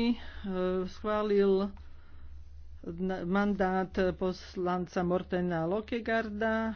E, schválil mandát poslanca Mortena Lokegarda